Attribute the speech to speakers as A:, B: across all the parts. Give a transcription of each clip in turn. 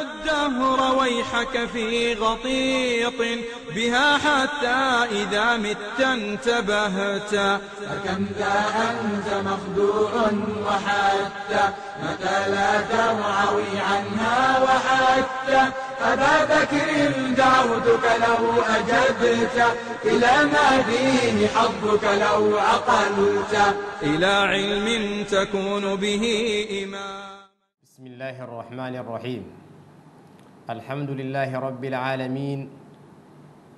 A: الدهر ويحك في غطيط بها حتى إذا مت انتبهت فكم ذا أنت مخدوع وحتى متى لا ترعوي عنها وحتى أبا بكر دعوتك لو أجبت إلى ما فيه حظك لو عقلت إلى علم تكون به إمام بسم الله الرحمن الرحيم الحمد لله رب العالمين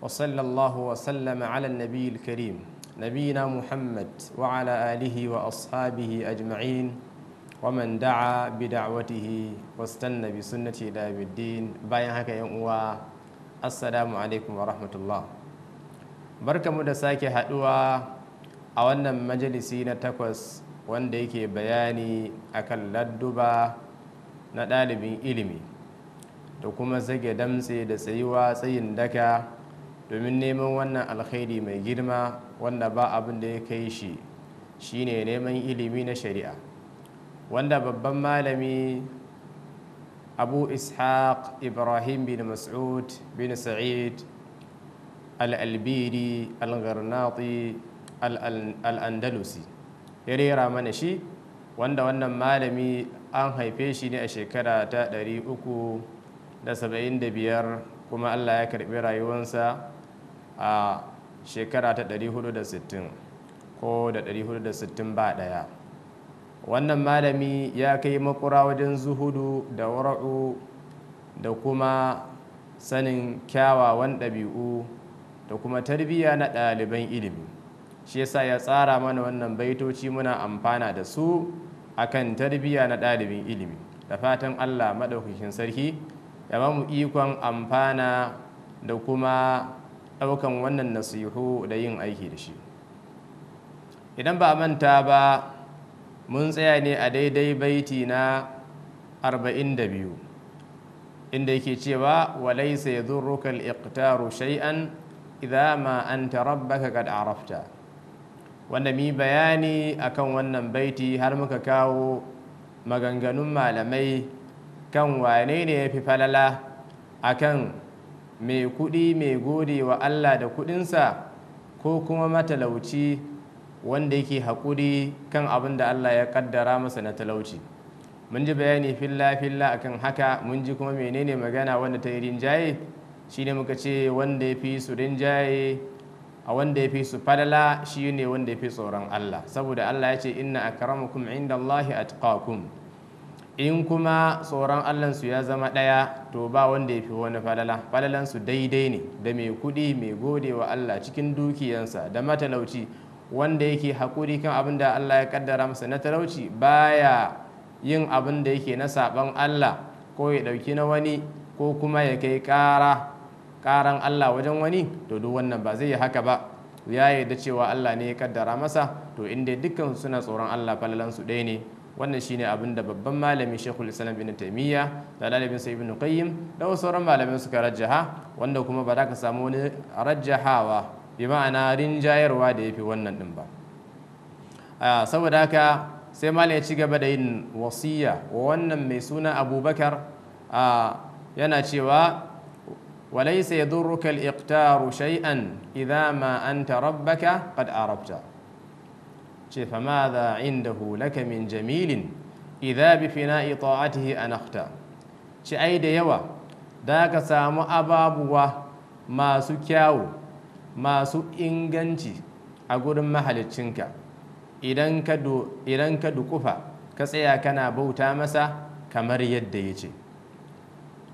A: وصلى الله وسلم على النبي الكريم نبينا محمد وعلى آله وأصحابه أجمعين ومن دعا بدعوته واستنى بسنة إلى يوم الدين باين هكا يوم السلام عليكم ورحمة الله بركة مدساكي haɗuwa أولا مجلسين majalisi na takwas wanda yake bayani akan ladduba na ɗalibin ilimi da kuma zage damtse da tsayuwa tsayin daka domin neman wannan alkhairi mai girma wanda ba abin da ya kai shi shine neman ilimi na shari'a wanda babban malami abu ishaq ibrahim bin mas'ud bin sa'id al'albiri al'garnati al'andalusi ya rera mana shi wanda wannan malami an haife shi ne a shekara ta 300 da saba'in da biyar kuma allah ya karbi rayuwansa a shekara ta 460 ko da 460 ba daya wannan malami ya kai makura wajen zuhudu da wara'u da kuma sanin kyawawan ɗabi'u da kuma tarbiyya na ɗaliban ilimi shi yasa ya tsara mana wannan baitoci muna amfana da su akan tarbiyya na ɗalibin ilimi da fatan allah maɗaukakin sarki ya ba mu ikon amfana da kuma ɗaukan wannan nasihu da yin aiki da shi idan ba manta ba mun tsaya ne a daidai baiti na 42 inda yake cewa walaisa ya zurruka al'iktaru shay'an idza ma anta rabbaka kad arafta wanda mi bayani akan wannan baiti har muka kawo maganganun malamai kan wane ne ya fi falala a kan mai kudi mai gode wa Allah da kudinsa? ko kuma matalauci wanda yake haƙuri kan abin da Allah ya kaddara masa na talauci mun ji bayani filla-filla akan haka mun ji kuma menene magana wanda ta yi rinjaye shi ne muka ce wanda ya fi su rinjaye a wanda ya fi su falala shi ne wanda ya fi tsoron Allah saboda Allah ya ce inna akramakum inda Allahi atqakum in kuma tsoron allansu ya zama ɗaya to ba wanda ya fi wani falala falalansu daidai ne da mai kuɗi mai gode wa allah cikin dukiyansa da matalauci wanda yake haƙuri kan abin da allah ya kaddara masa na talauci baya yin abin da yake na saɓan allah ko ya ɗauki na wani ko kuma ya kai ƙara ƙaran allah wajen wani to duk wannan ba zai yi haka ba ya yarda cewa allah ne ya ƙaddara masa to inda dukkan suna tsoron allah falalansu ɗaya ne wannan shine abin da babban malami shekul islam bin taimiyya da dalibin sa ibn qayyim da wasu sauran malamai suka rajaha wanda kuma ba za ka samu wani rajahawa bi ma'ana rinjayarwa da yafi wannan din ba saboda haka sai malam ya ci gaba da yin wasiya wa wannan mai suna abubakar yana cewa وليس يضرك الإقتار شيئا إذا ma أنت ربك قد أعربت ce fa ma za indahu laka min jamilin idha bi fina'i ta'atihi anakhta ce ai da yawa da ka samu ababuwa masu kyawu masu inganci a gurin mahaliccinka idan ka dukufa ka tsaya kana bauta masa kamar yadda ya ce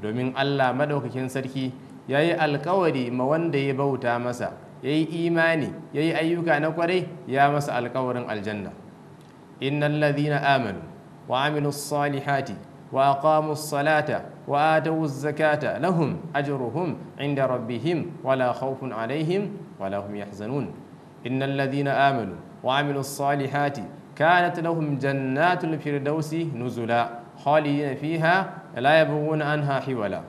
A: domin allah maɗaukakin sarki ya yi alkawari ma wanda ya bauta masa ya yi imani ya yi ayyuka na kwarai ya masa alkawarin aljanna innal ladhina amanu wa amilu salihati wa aqamu salata wa atu zakata lahum ajruhum inda rabbihim wala khawfun alaihim wala hum yahzanun innal ladhina amanu wa amilu salihati kanat lahum jannatul firdausi nuzula khalidina fiha لا يبغون عنها حولا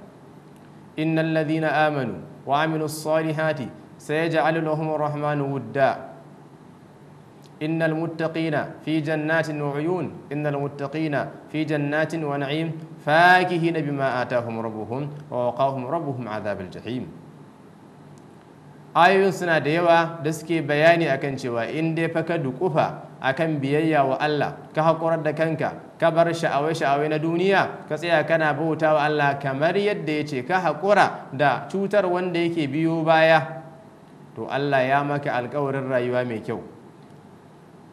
A: إن الذين آمنوا وعملوا الصالحات sai ya ja'alu lahum rahmanu wudda innal muttaqina fi jannatin wa uyun innal muttaqina fi jannatin wa na'im fakihina bima atahum rabbuhum wa waqahum rabbuhum adhabil jahim ayoyin suna da yawa da suke bayani akan cewa in dai fa ka duƙufa akan biyayya wa Allah ka haƙurar da kanka ka bar sha'awai sha'awai na duniya ka tsaya kana bauta wa Allah kamar yadda ya ce ka haƙura da cutar wanda yake biyo baya to Allah ya maka alkawarin rayuwa mai kyau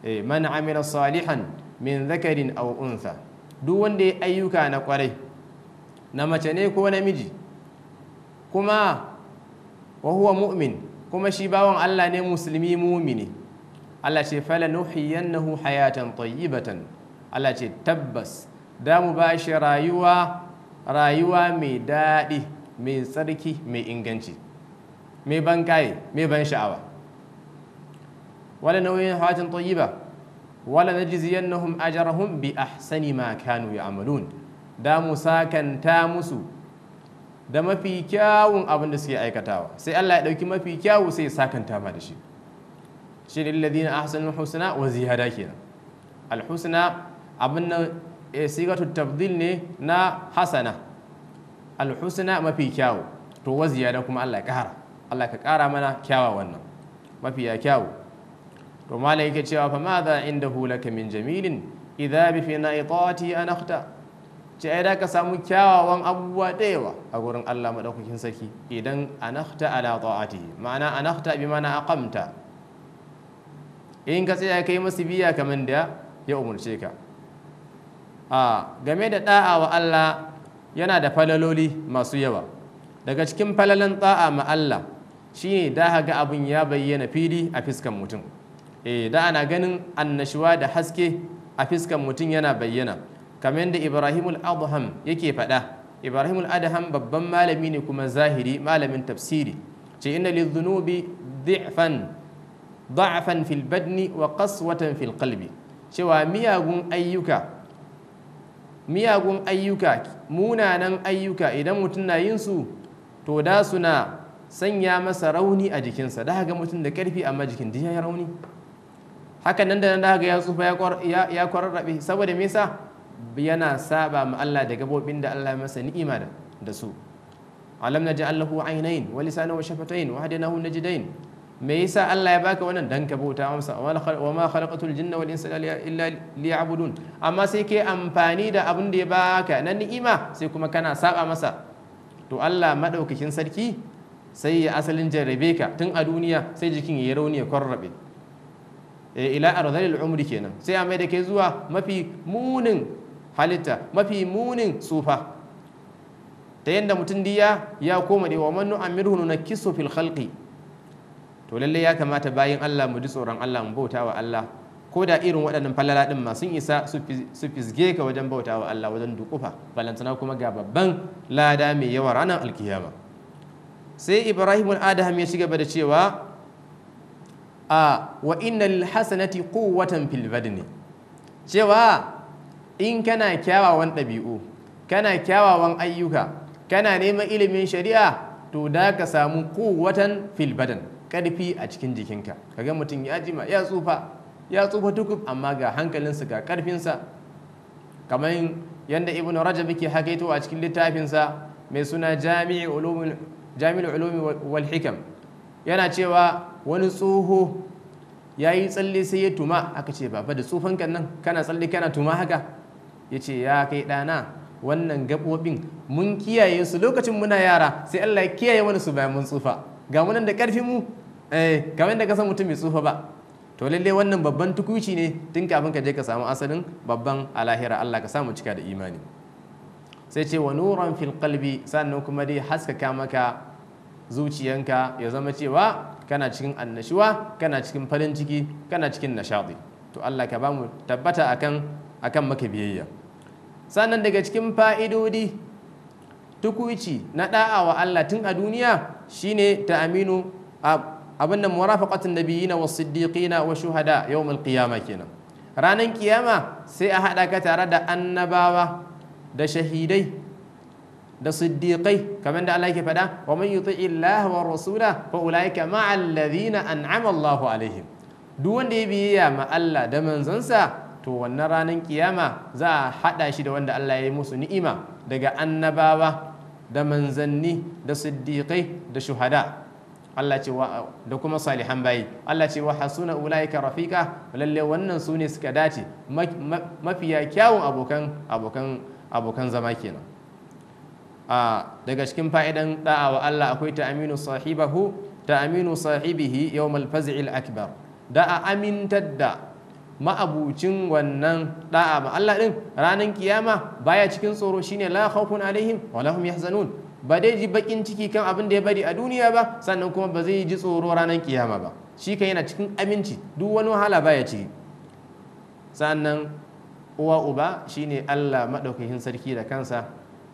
A: eh, man amila salihan min zakarin aw untha duk wanda ya ayyuka na kwarai na mace ne ko namiji kuma wa huwa mu'min kuma shi bawan Allah ne musulmi mumini Allah ce fala nuhiyannahu hayatan tayyibatan Allah ce tabbas da mu ba shi rayuwa rayuwa mai daɗi mai tsarki mai inganci mai ban kai mai ban sha'awa wala nauyin hawatin tayyiba wala najziyannahum ajrahum bi ahsani ma kanu ya'malun da mu sakanta musu da mafi kyawun abin da suke aikatawa sai Allah ya dauki mafi kyawu sai ya sakanta ma da shi shi ne ladina ahsanul husna wa ziyada kenan al husna abin nan eh, sigatu tabdil ne na hasana al husna mafi kyawu to wa ziyada kuma Allah ya kara Allah ka ƙara mana kyawa wannan mafiya kyawu to malam yake cewa fa ma za inda hulaka min jamilin idza bi fi naitati an akhta ce ai da ka samu kyawawan abubuwa dayawa a gurin Allah madaukakin saki idan anakhta ala ta'ati ma'ana anakhta bi ma'ana aqamta in ka tsaya kai masu biya kamar da ya umarce ka a game da da'a wa Allah yana da falaloli masu yawa daga cikin falalan da'a ma Allah shine da ga abin ya bayyana fili a fiskan mutum eh da ana ganin annashuwa da haske a fiskan mutum yana bayyana kamar yadda ibrahimul adham yake faɗa ibrahimul adham babban malami ne kuma zahiri malamin tafsiri ce inna lidhunubi dhifan da'fan fil badni wa qaswatan fil qalbi cewa miyagun ayyuka miyagun ayyuka munanan ayyuka idan mutum na yin su to da suna sanya masa rauni a jikinsa da haka mutum da karfi amma jikin duk ya rauni haka nan da nan da haka ya tsufa ya kwararrabe saboda me yana saba ma Allah da gabobin da Allah masa ni'ima da su alam naj'al lahu aynayn wa lisanan wa shafatayn wa hadaynahu najdayn me yasa Allah ya baka wannan dan ka bauta masa wa ma khalaqatul jinna wal insa illa liya'budun amma sai ke amfani da abin da ya baka na ni'ima sai kuma kana saba masa to Allah madaukakin sarki sai ya asalin jarrabe ka tun a duniya sai jikin ya rauni ya kwarrabe eh, ila arzalil al'umri kenan sai a mai da ke zuwa mafi munin halitta mafi munin tsufa. ta yadda mutum diya ya koma da wa mannu amirhu na kiso fil khalqi to lalle ya kamata bayan Allah mu ji tsoron Allah mu bauta wa Allah ko da irin waɗannan falala ɗin ma isa su fisge ka wajen bauta wa Allah wajen dukufa balantana kuma ga babban lada mai yawa ranar alkiyama sai ibrahim adham ya gaba da cewa a wa innal hasanati quwwatan fil badni cewa in kana kyawawan ɗabi'u kana kyawawan ayyuka kana neman ilimin shari'a to da ka samu quwwatan fil badan karfi a cikin jikinka kaga mutum ya jima ya tsufa ya tsufa tukub amma ga hankalinsa ga karfinsa kamar yadda ibnu rajab yake hakaito a cikin littafinsa mai suna jami'i ulumul jami'ul ulumi wal hikam yana cewa wani tsoho ya yi tsalle sai ya tuma aka ce baba da tsufan nan kana tsalle kana tuma haka ya ce ya kai dana wannan gabobin mun kiyaye su lokacin muna yara sai Allah ya kiyaye wani su bayan mun tsufa ga wannan da ƙarfin mu eh kamar da ka mutum mai tsufa ba to lalle wannan babban tukuci ne tun kafin ka je ka samu asalin babban alahira Allah ka samu cika da imani sai ce wa nuran fil qalbi sannan kuma dai haskaka maka zuciyanka ya zama cewa kana cikin annashuwa kana cikin farin ciki kana cikin nishadi to Allah ka bamu tabbata akan akan maka biyayya sannan daga cikin fa'idodi tukuici na da'a wa Allah tun a duniya shine ta aminu abin nan murafaqatun nabiyina was siddiqina wa shuhada yawm al kenan ranan kiyama sai a hada ka tare da annabawa da shahidai da siddiqai kamar da Allah yake faɗa wa man yuti illaha wa rasula fa ulaika ma alladhina an'ama Allahu alaihim duk wanda ya biyayya ma Allah da manzansa to wannan ranar kiyama za a haɗa shi da wanda Allah ya yi musu ni'ima daga annabawa da manzanni da siddiqai da shuhada Allah ce wa da kuma salihan bayi Allah ce wa hasuna ulaika rafika lalle wannan su ne suka dace mafiya kyawun abokan abokan abokan zama kenan a daga cikin fa'idan da'a wa Allah akwai ta aminu sahibahu ta aminu sahibihi yau faz'il akbar da'a amintar da ma'abucin wannan da'a ma Allah din ranar kiyama baya cikin tsoro shine la khawfun alaihim wa lahum yahzanun ba dai ji bakin ciki kan abin da ya bari a duniya ba sannan kuma ba zai ji tsoro ranar kiyama ba shi kan yana cikin aminci duk wani wahala baya ciki sannan uwa uba shine Allah maɗaukakin sarki da kansa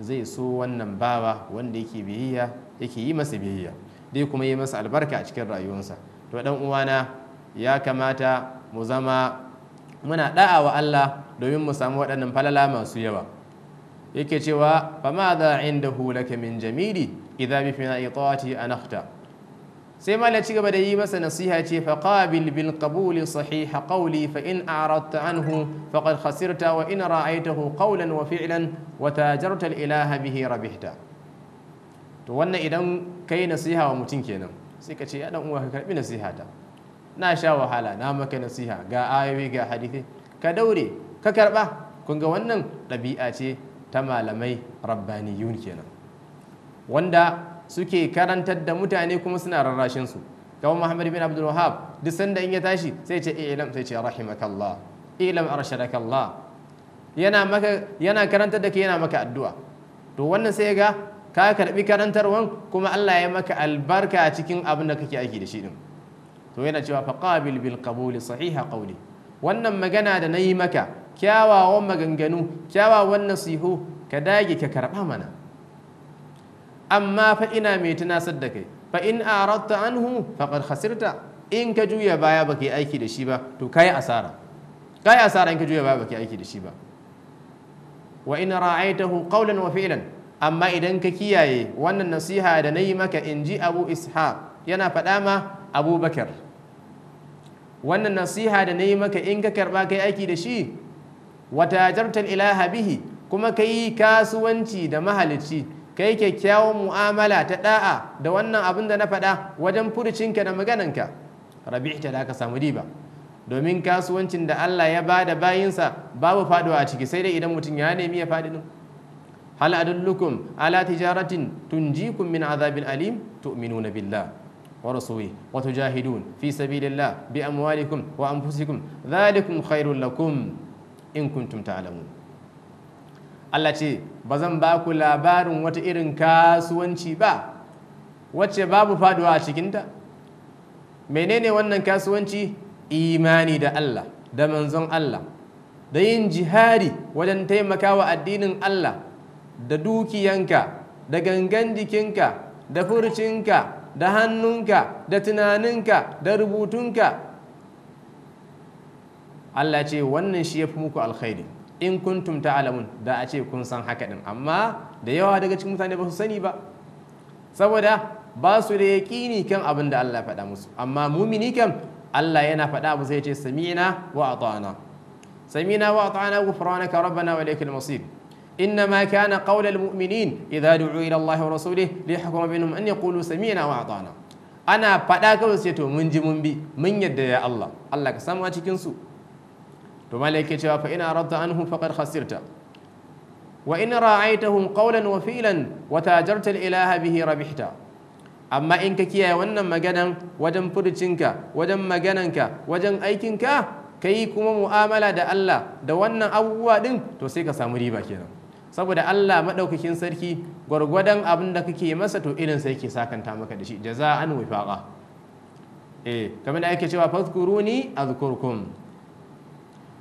A: zai so wannan bawa wanda yake biyayya yake yi masa biyayya dai kuma yi masa albarka a cikin rayuwarsa to dan uwana ya kamata mu zama muna da'a wa Allah domin mu samu waɗannan falala masu yawa yake cewa fa ma za inda hulaka min jamili idza bi fina itati anakhta sai mala ci gaba da yi masa nasiha ce fa qabil bil qabuli sahih qawli fa in a'radta anhu faqad khasirta wa in ra'aytahu qawlan wa fi'lan wa tajarta al ilaha bihi rabihta to wannan idan kai nasiha wa mutum kenan sai ka ce ya dan uwa ka karbi nasiha ta na sha wahala na maka nasiha ga ayoyi ga hadisi ka daure ka karba kun ga wannan ɗabi'a ce ta malamai rabbaniyun kenan wanda suke karantar da mutane kuma suna rarrashin su kamar Muhammad bin Abdul Wahhab duk sanda in ya tashi sai ce ilam sai ce rahimakallah ilam arshadakallah yana maka yana karantar da kai yana maka addu'a to wannan sai ga ka karbi karantarwan kuma Allah ya maka albarka cikin abin da kake aiki da shi din to yana cewa faqabil bil qabul sahiha qawli wannan magana da nayi maka kyawawan maganganu kyawawan nasihu ka dage ka karba mana amma fa ina mai tunasar da kai fa in aratta anhu faqad khasirta in ka juya baya baka yi aiki da shi ba to kai asara kai asara in ka juya baya baka yi aiki da shi ba wa in ra'aitahu qawlan wa fi'lan amma idan ka kiyaye wannan nasiha da nayi maka in ji Abu Ishaq yana faɗa ma bakar wannan nasiha da nayi maka in ka karba kai aiki da shi wata jartal ilaha bihi kuma kai kasuwanci da mahalicci Kai kyakkyawan mu'amala ta da'a da wannan abin da na faɗa wajen furucinka da magananka rabi'ta da aka samu riba domin kasuwancin da Allah ya ba da bayinsa babu faduwa a ciki sai dai idan mutum ya nemi ya faɗi din hal adullukum ala tijaratin tunjikum min azabin alim tu'minuna billah ورسوله وتجاهدون في سبيل الله بأموالكم وأنفسكم ذلكم خير In kun tumta alamu. Allah ce ba zan ba ku labarin wata irin kasuwanci ba wacce babu faduwa a cikinta menene wannan kasuwanci imani da Allah da manzon Allah da yin jihari wajen taimakawa addinin Allah da dukiyanka da gangan jikinka da furcinka da hannunka da tunaninka da rubutunka Allah ce wannan shi ya fi muku alkhairi in kuntum ta'lamun da a ce kun san haka din amma da yawa daga cikin mutane ba su sani ba saboda ba su da yaƙini kan abin da Allah faɗa musu amma mumini kan Allah yana faɗa abu ya ce sami'na wa ata'na sami'na wa ata'na ghufranaka rabbana wa ilaykal masir إنما كان قول المؤمنين إذا دعوا إلى الله ورسوله ليحكم بينهم أن يقولوا سمعنا وأعطانا أنا فدا كوسيتو من جمن بي من يد الله الله كسامو cikin su to malai yake cewa fa ina radda anhu faqad khasirta wa in ra'aytahum qawlan wa fi'lan wa tajarta ilaha bihi rabihta amma in ka kiyaye wannan maganan wajen furucinka wajen magananka wajen aikinka ka yi kuma mu'amala da Allah da wannan abubuwa din to sai ka samu riba kenan saboda Allah madaukakin sarki gwargwadon abin da kake masa to irin sai sakanta maka da shi jaza'an wifaqa eh kamar da ake cewa fadhkuruni azkurkum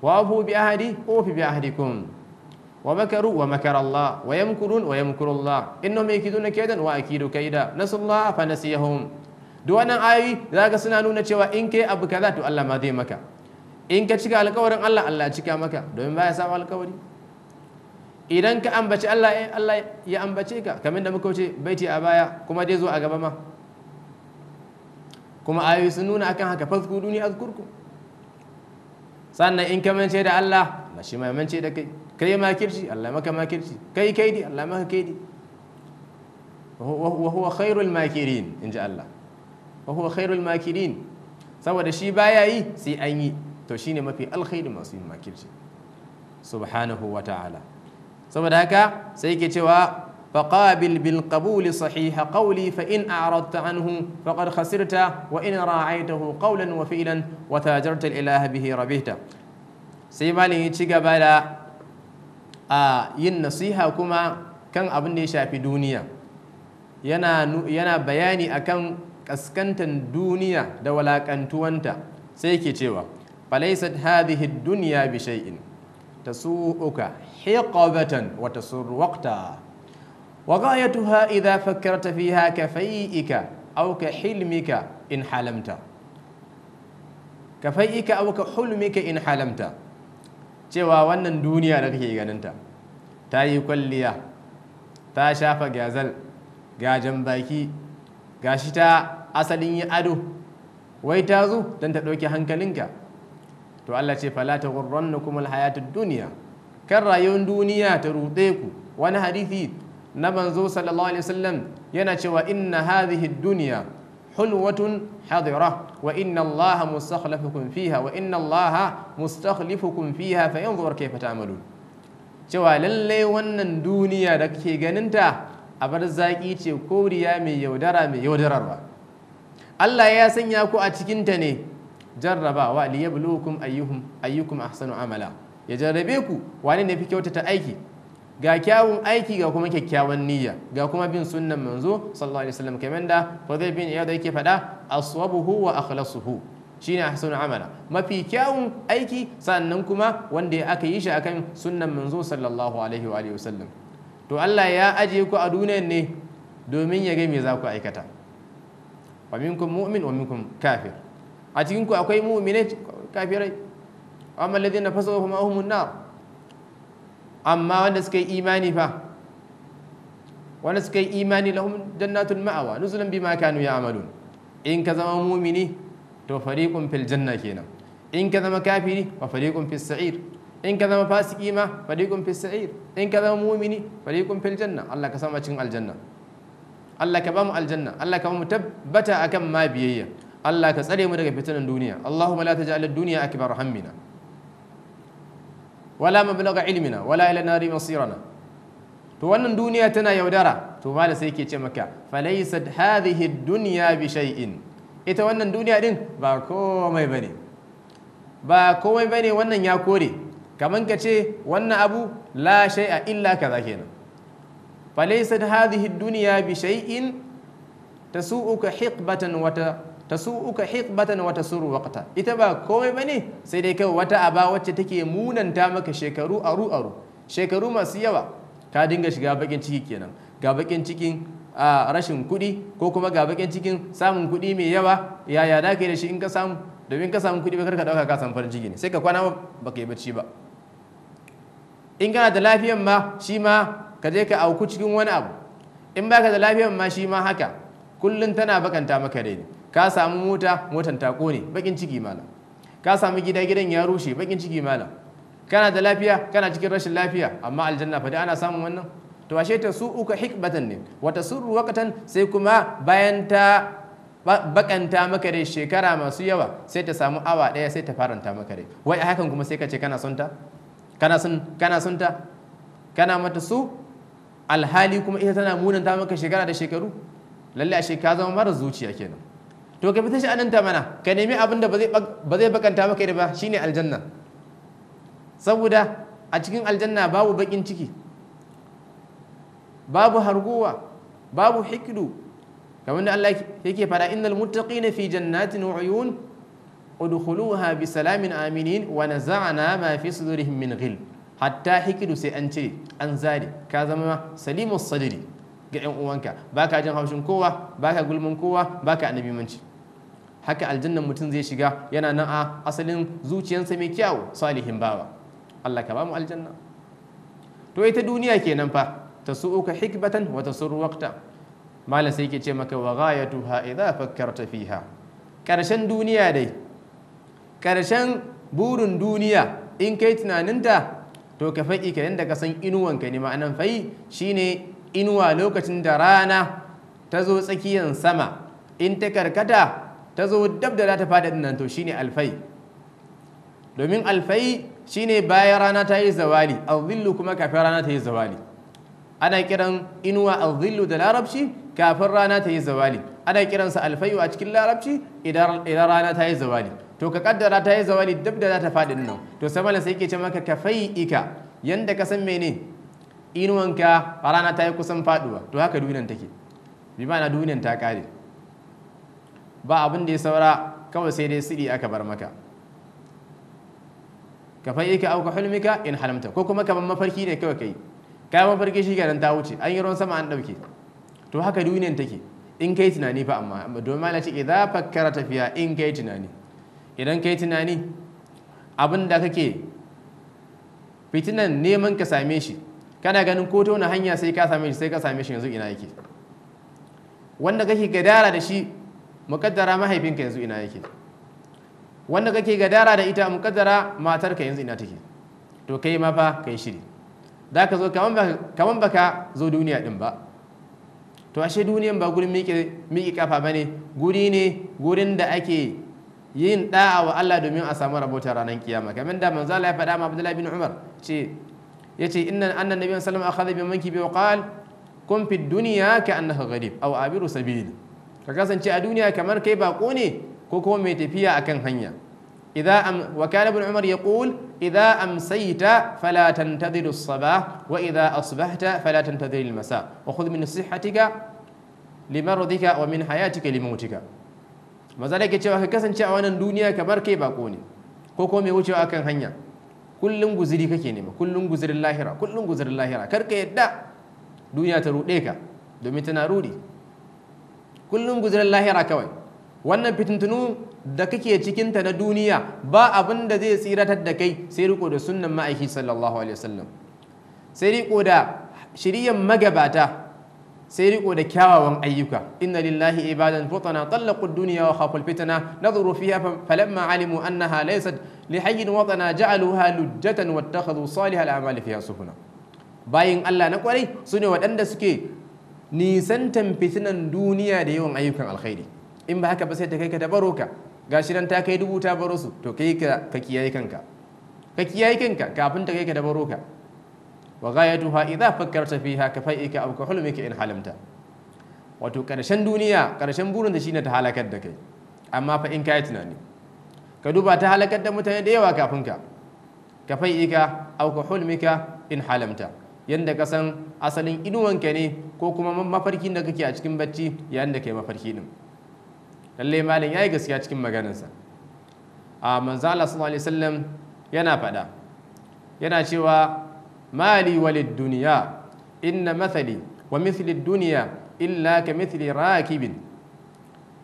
A: وأوفوا بأهدي أوفي بأهدكم ومكروا ومكر الله ويمكرون ويمكر الله إنهم يكيدون كيدا وأكيد كيدا نسوا الله فنسيهم دوانا آي ذاك سنانو نتشوى إنك أبو كذا تو الله ماذي مكا إنك شكا على كورا الله الله تشكى مكا دوين باي سوى على كوري إذن كأنبتش الله الله يأنبتشيك كم إن مكوشي بيتي أبايا كما ديزو أغبما كما آي سنونا أكا هكا فاذكروني أذكركم sannan in ka mance da Allah Allah shi ma mance da kai kai makirci Allah maka makirci kai kaidi Allah maka kaidi wa huwa khairul makirin in ji Allah wa huwa khairul makirin saboda shi baya yi sai an yi to shine mafi alkhairi masu yin makirci subhanahu wa ta'ala saboda haka sai ke cewa فقابل بالقبول صحيح قولي فإن أعرضت عنه فقد خسرت وإن راعيته قولا وفعلا وتاجرت الإله به ربحت سيمالي يتشيغا a yin nasiha kuma kan abin da ya shafi duniya yana bayani akan ƙaskantar duniya da walakantuwanta sai ke cewa falaisat hadhihi dunya bi shay'in tasu'uka hiqabatan wa tasurruqta وغايتها إذا فكرت فيها كفيئك أو كحلمك إن حلمت كفيئك أو كحلمك إن حلمت cewa wannan duniya da kake ganinta ta yi kwalliya ta shafa gazal gajan baki gashi ta asalin yi ado wai ta zo don ta ɗauki hankalinka to Allah ce fala ta na kuma duniya kan rayuwar duniya ta rutse ku wani hadithi na manzo sallallahu alaihi wasallam yana cewa inna hadhihi dunya hulwatun hadira wa inna allaha mustakhlifukum fiha wa inna allaha mustakhlifukum fiha fa yanzur kayfa ta'malun cewa lalle wannan duniya da kake ganinta a bar zaki ce koriya mai yaudara mai yaudararwa Allah ya sanya ku a cikinta ne jarrabawa liyabluwakum ayyukum ayyukum ahsanu amala ya jarrabe ku wani ne fi kyautata aiki ga kyawun aiki ga kuma kyakkyawan niyya ga kuma bin sunnan manzo sallallahu alaihi wasallam kamar da Hudayr bin Iyad yake faɗa aswabuhu wa akhlasuhu shine ahsanu amala mafi kyawun aiki sannan kuma wanda aka yi shi akan sunnan manzo sallallahu alaihi wa sallam to Allah ya ajiye ku a duniyar ne domin ya ga me za ku aikata wa minkum mu'min wa minkum kafir a cikin ku akwai mu'minai kafirai amma alladhina fasaqu fa ma'hum an-nar amma wanda suka yi imani fa wanda suka yi imani lahum jannatul ma'awa nuzulan bima kanu ya'malun in ka zama mumini to fariqun fil janna kenan in ka zama kafiri wa fariqun fis sa'ir in ka zama fasiki ma fariqun fis sa'ir in ka zama mumini fariqun fil janna Allah ka sama cikin aljanna Allah ka ba mu aljanna Allah ka ba mu tabbata akan ma biyayya Allah ka tsare mu daga fitinan duniya Allahumma la taj'al ad-dunya akbar hammina wala mablagha ilmina wala ila nari masirana to wannan duniya tana yaudara to mala sai ke ce maka falaysat hadhihi dunya bi shay'in ita wannan duniya din ba komai bane ba komai bane wannan ya kore kaman ka ce wannan abu la shay'a illa kaza kenan falaysat hadhihi ad-dunya bi shay'in tasu'uka hiqbatan wata ta su uka hikmatan wata suru wakata ita ba komai ne? sai dai kai wata aba wacce take munanta maka shekaru aru aru shekaru masu yawa ka dinga shiga bakin ciki kenan ga bakin cikin rashin kuɗi ko kuma ga bakin cikin samun kuɗi mai yawa yaya da kai da shi in ka samu domin ka samu kuɗi ba ka dauka ka samu farin ciki ne sai ka kwana ba ka yi bacci ba in kana da lafiyan ma shi ma ka je ka auku cikin wani abu in baka da lafiyan ma shi ma haka kullum tana bakanta maka daidai ka samu mota motan ta kone bakin ciki malam ka samu gida gidan ya rushe bakin ciki malam kana da lafiya kana cikin rashin lafiya amma aljanna fa dai ana samun wannan to ashe ta su uka hikbatan ne wata surru wakatan sai kuma bayan ta bakanta maka dai shekara masu yawa sai ta samu awa daya sai ta faranta maka dai wai a hakan kuma sai ka ce kana son ta kana son kana son kana mata su alhali kuma ita tana munanta maka shekara da shekaru lalle ashe ka zama mara zuciya kenan to ka fita sha'aninta mana ka nemi abin da ba zai bakanta maka da ba shine aljanna saboda a cikin aljanna babu bakin ciki babu harguwa babu hikidu kamar da Allah yake fada innal muttaqina fi jannatin wa uyun udkhuluha bi salamin aminin wa naza'na ma fi sudurihim min ghil hatta hikidu sai an ce an zare ka zama salimus sadri ga yan uwanka baka jin haushin kowa baka gulmin kowa baka annabimanci haka aljannan mutum zai shiga yana nan a asalin zuciyarsa mai kyau salihin bawa Allah ka ba mu aljanna to ita duniya kenan fa tasu'uka hikbatan wa tasurru waqta mala sai yake ce maka wa ghayatuha idza fakkarta fiha karshen duniya dai karshen burin duniya in kai tunaninta to ka faɗi ka yanda ka san inuwanka ne ma'anan fai shine inuwa lokacin da rana ta zo tsakiyar sama in ta karkata ta zo dab da za ta fada nan to shine alfai domin alfai shine bayan rana ta yi zawali azillu kuma kafin rana ta yi zawali ana kiran inuwa azillu da larabci kafin rana ta yi zawali ana kiran sa alfai a cikin larabci idan rana ta yi zawali to ka kaddara ta yi zawali dab da za ta faɗi nan to sai malam sai yake ce maka kafai ika yanda ka san mene inuwanka rana ta yi kusan faduwa to haka duniyan take bi ma'ana duniyan ta kare ba abin da ya saura kawai sai dai siɗi aka bar maka ka fai ka auka hulmika in halamta ko kuma kaman mafarki ne kawai kai kai mafarki shi kenan ta wuce an yi ruwan sama an dauke to haka duniyan take in kai tunani fa amma domin mala ce idza fakkara tafiya in kai tunani idan kai tunani abin da kake fitinan neman ka same shi kana ganin ko ta wani hanya sai ka same shi sai ka same shi yanzu ina yake wanda kake gadara da shi Mukaddara mahaifinka yanzu ina yake wanda kake gadara da ita mukaddara matarka yanzu ina take to kai ma fa kai shiri da ka zo kaman baka zo duniya din ba to ashe duniyan ba gurin miƙe kafa ba ne guri ne gurin da ake yin da'a wa Allah domin a samu rabota ranar kiyama kamar da manzo Allah ya faɗa ma Abdullahi bin Umar ce yace inna annan nabiyyu sallallahu alaihi wasallam akhadha bi bi wa qala kun fi dunya ka annaka gharib aw abiru sabili ka kasance a duniya kamar kai bako ne ko kuma mai tafiya akan hanya idza am wa kana ibn umar yaqul idza amsayta fala tantadhiru as-sabah wa idza asbahta fala tantadhiru al-masa wa khudh min sihhatika limaradika wa min hayatika limautika maza da ke cewa ka kasance a wannan duniya kamar kai bako ne ko kuma mai wucewa akan hanya kullun guziri kake nema kullun guzirin lahira kullun guzirin lahira kar ka yadda duniya ta ruɗe ka domin tana rudi kullum guzurin lahira kawai wannan fitintunu da kake cikinta na duniya ba abin da zai tsiratar da kai sai riko da sunnan ma'aiki sallallahu alaihi wasallam sai riko da shiryan magabata sai riko da kyawawan ayyuka inna lillahi ibadan futana tallaqu ad-dunya wa khaful fitna nadhuru fiha falamma alimu annaha laysat li hayyin watana ja'aluha lujjatan wattakhadhu salihal a'mali fiha sufuna bayin Allah na kwarai su ne waɗanda suke nisantan fitinan duniya da yawan ayyukan alkhairi in ba haka ba sai ta kai ka da baro ka gashi nan ta kai dubu ta baro su to kai ka ka kiyaye kanka ka kiyaye kanka kafin ta kai ka da baro ka wa ghayatuha idha fakkarta fiha fa'ika aw hulmika in halamta wato karshen duniya karshen burin da shine ta halakar da kai amma fa in kai tunani ka duba ta halakar da mutane da yawa kafin ka fa'ika aw hulmika in halamta yadda ka san asalin inuwanka ne ko kuma mafarkin da kake a cikin bacci yayin da kai mafarki din lallai malam yayi gaskiya cikin maganarsa a manzo Allah sallallahu alaihi wasallam yana faɗa yana cewa mali walid duniya inna mathali wa mithli duniya illa ka mithli rakibin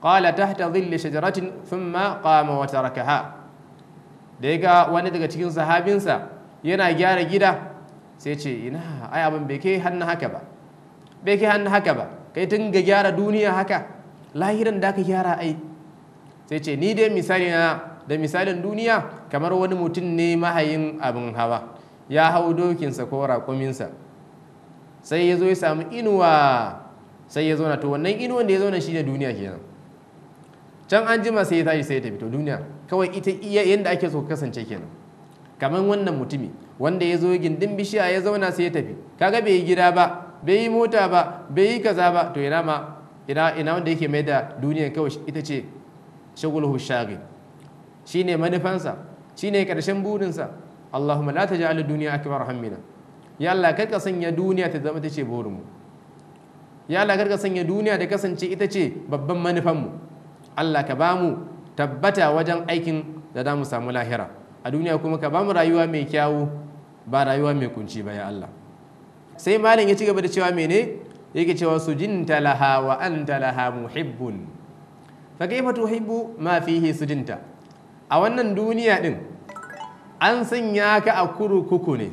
A: qala tahta dhilli shajaratin thumma qama wa tarakaha da ya wani daga cikin sahabinsa yana gyara gida sai ce ina ai abin bai kai hannu haka ba bai kai hannu haka ba kai tun ga gyara duniya haka lahiran da ka gyara ai sai ce ni dai misali na da misalin duniya kamar wani mutum ne mahayin abin hawa ya hau dokinsa ko raƙuminsa sai ya zo ya samu inuwa sai ya zauna to wannan inuwan da ya zauna shi ne duniya kenan can an jima sai ya tashi sai ya tafi to duniya kawai ita iya yadda ake so kasance kenan kamar wannan mutumi wanda ya zo gindin bishiya ya zauna sai ya tafi kaga bai yi gida ba bai yi mota ba bai yi kaza ba to ina ma ina ina wanda yake mai da duniyar kawai ita ce shagulhu shagil shine manufansa shine karshen burinsa Allahumma la taj'al ad-dunya akbar hammina ya Allah kar ka sanya duniya ta zama tace burinmu ya Allah kar ka sanya duniya da kasance ita ce babban manufanmu Allah ka bamu tabbata wajen aikin da za mu samu lahira a duniya kuma ka bamu rayuwa mai kyawu ba rayuwa mai kunci ba ya Allah sai malam ya ci gaba da cewa mene yake cewa sujinta talaha wa anta laha muhibbun fa kaifa tuhibbu ma fihi sujinta a wannan duniya din an sanya ka a kurkuku ne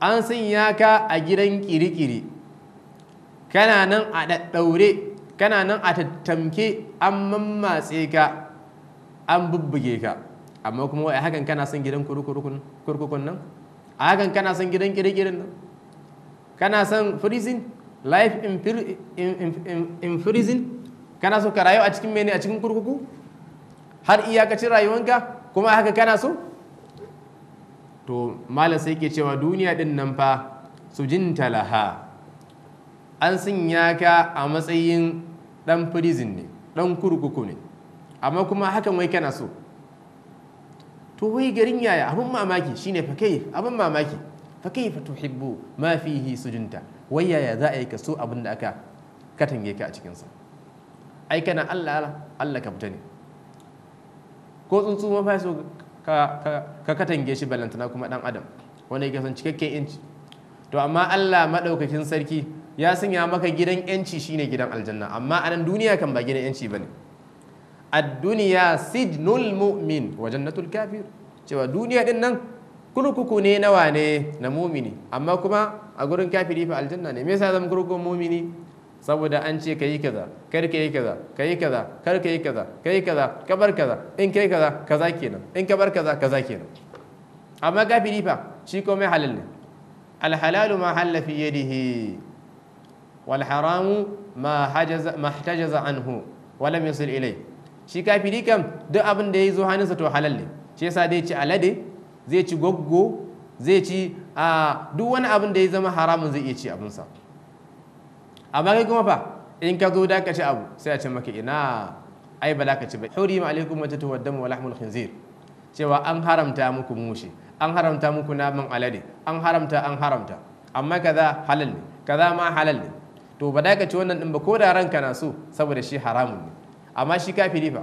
A: an sanya ka a gidan kirikiri kana nan a daddaure kana nan a tattamke an mammatse ka an bubbuge ka amma kuma wai hakan kana son gidan kurkukun nan a hakan kana son gidan kirkirin nan kana son prison life in prison kana so ka rayu a cikin mene a cikin kurkuku har iyakacin rayuwanka kuma haka kana so to malam sai ke cewa duniya din nan fa su jin laha an sanya ka a matsayin dan prison ne dan kurkuku ne amma kuma hakan wai kana so to wai garin yaya abin mamaki shine fa kai abin mamaki fa kai fa tuhibbu ma fihi sujunta wai yaya za a yi kaso abin da aka katange ka a cikinsa ai kana Allah Allah ka fita ne ko tsuntsu ma fa so ka katange shi balantana kuma dan adam wanda yake san cikakken yanci to amma Allah madaukakin sarki ya sanya maka gidan yanci ne gidan aljanna amma a nan duniya kan ba gidan yanci bane ad-dunya sijnul mu'min wa jannatul kafir cewa duniya din nan kurkuku ne na wane na mumini amma kuma a gurin kafiri fa aljanna ne me yasa zama kurkukun mumini saboda an ce kayi kaza kar kayi kaza kayi kaza kar kayi kaza kayi kaza ka bar kaza in kai kaza kaza kenan in ka bar kaza kaza kenan amma kafiri fa shi ko komai halal ne alhalalu ma halla fi yadihi wal haramu ma hajaza ma ihtajaza anhu wa lam yasil ilayhi shi kafiri kam duk abin da ya zo hannunsa to halal ne shi yasa zai ci alade zai ci goggo zai ci a duk wani abin da ya zama haramun zai iya ci abinsa amma kai kuma fa in ka zo da ci abu sai a ce maka ina ai ba za ka ci ba hurima alaikum matatu waddamu wa lahmul khinzir cewa an haramta muku mushi an haramta muku naman alade an haramta an haramta amma kaza halal ne kaza ma halal ne to ba da ci wannan din ba ko da ranka na so saboda shi haramun ne amma shi kafiri fa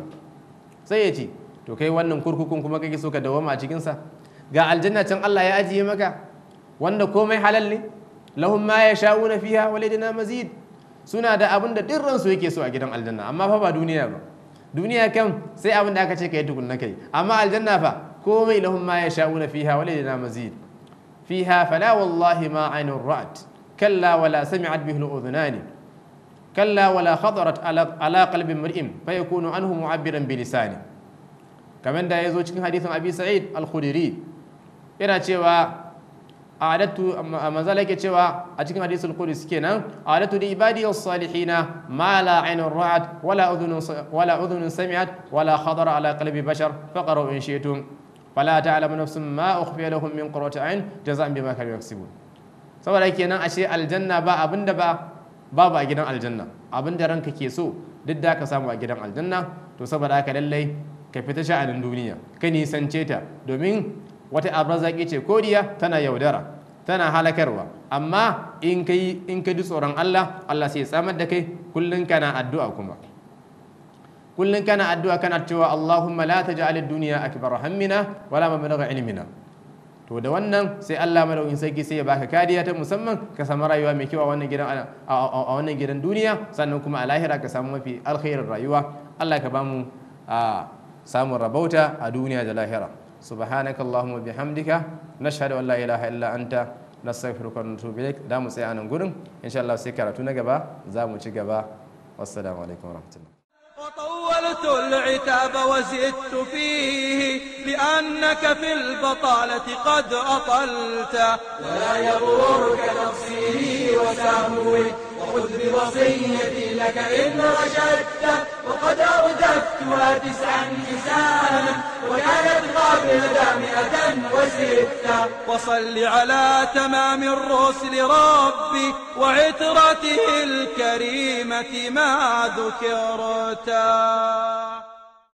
A: sai ya ce to kai wannan kurkukun kuma kake so ka dawama a cikinsa ga aljanna can Allah ya ajiye maka wanda komai halal ne lahum ma yasha'una fiha walidina mazid suna da abin da duk ransu yake so a gidan aljanna amma fa ba duniya ba duniya kan sai abin da aka ce kai tukunna kai amma aljanna fa komai lahum ma yasha'una fiha walidina mazid fiha fala wallahi ma ainur ra'at kalla wala sami'at bihi al-udhunani kalla wala khadarat ala qalbi mar'in fa yakunu anhu mu'abbiran bi lisani kamar da yazo cikin hadisin Abi Sa'id al yana cewa adatu manzala yake cewa a cikin hadisul qudsi kenan adatu li ibadi as-salihina ma la aynun ra'at wala udhunun wala udhunun sami'at wala khadara ala qalbi bashar faqaru in shi'tum fala ta'lamu nafsun ma ukhfiya lahum min qurrati a'yun jaza'an bima kanu yaksibun saboda kenan ashe aljanna ba abinda ba babu a gidan aljanna abin da ranka ke so duk da ka samu a gidan aljanna to saboda haka lallai ka fita sha'anin duniya ka nisan ta domin wata zaki ce kodiya tana yaudara tana halakarwa amma in ka in ka ji tsoron Allah Allah sai ya samar da kai kullun kana addu'a kuma kullun kana addu'a kana cewa Allahumma la taj'al ad-dunya akbar hammina wala mablagha ilmina to da wannan sai Allah madaukin sarki sai ya baka kariya ta musamman ka samu rayuwa mai kyau a wannan gidan a wannan gidan duniya sannan kuma a lahira ka samu mafi alkhairin rayuwa Allah ka bamu a samun rabauta a duniya da lahira subhanaka allahumma bihamdika nashhadu an la ilaha illa anta nastaghfiruka wa natubu ilaik da mu tsaya nan gurin insha Allah sai karatu na gaba za mu ci gaba wassalamu alaikum warahmatullahi أخذت العتاب وزدت فيه لأنك في البطالة قد أطلت ولا يغرك تقصيري وسهوي وخذ بوصيتي لك إن رشدت الدهر وقد أردفتها تسعا كسانا وكانت قابلة مئة وستة وصل على تمام الرسل ربي وعترته الكريمة ما ذكرتا